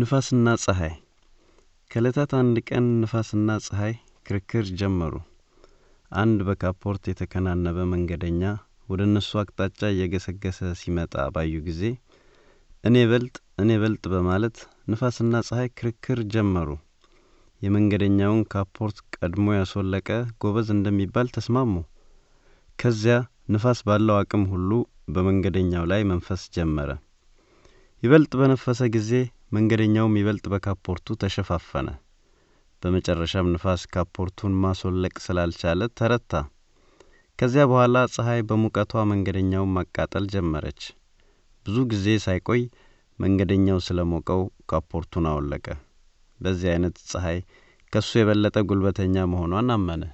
ንፋስና ፀሐይ ከዕለታት አንድ ቀን ንፋስና ፀሐይ ክርክር ጀመሩ። አንድ በካፖርት የተከናነበ መንገደኛ ወደ እነሱ አቅጣጫ እየገሰገሰ ሲመጣ ባዩ ጊዜ እኔ በልጥ እኔ በልጥ በማለት ንፋስና ፀሐይ ክርክር ጀመሩ። የመንገደኛውን ካፖርት ቀድሞ ያስወለቀ ጎበዝ እንደሚባል ተስማሙ። ከዚያ ንፋስ ባለው አቅም ሁሉ በመንገደኛው ላይ መንፈስ ጀመረ። ይበልጥ በነፈሰ ጊዜ መንገደኛውም ይበልጥ በካፖርቱ ተሸፋፈነ። በመጨረሻም ንፋስ ካፖርቱን ማስወለቅ ስላልቻለ ተረታ። ከዚያ በኋላ ፀሐይ በሙቀቷ መንገደኛውን ማቃጠል ጀመረች። ብዙ ጊዜ ሳይቆይ መንገደኛው ስለ ሞቀው ካፖርቱን አወለቀ። በዚህ አይነት ፀሐይ ከሱ የበለጠ ጉልበተኛ መሆኗን አመነ።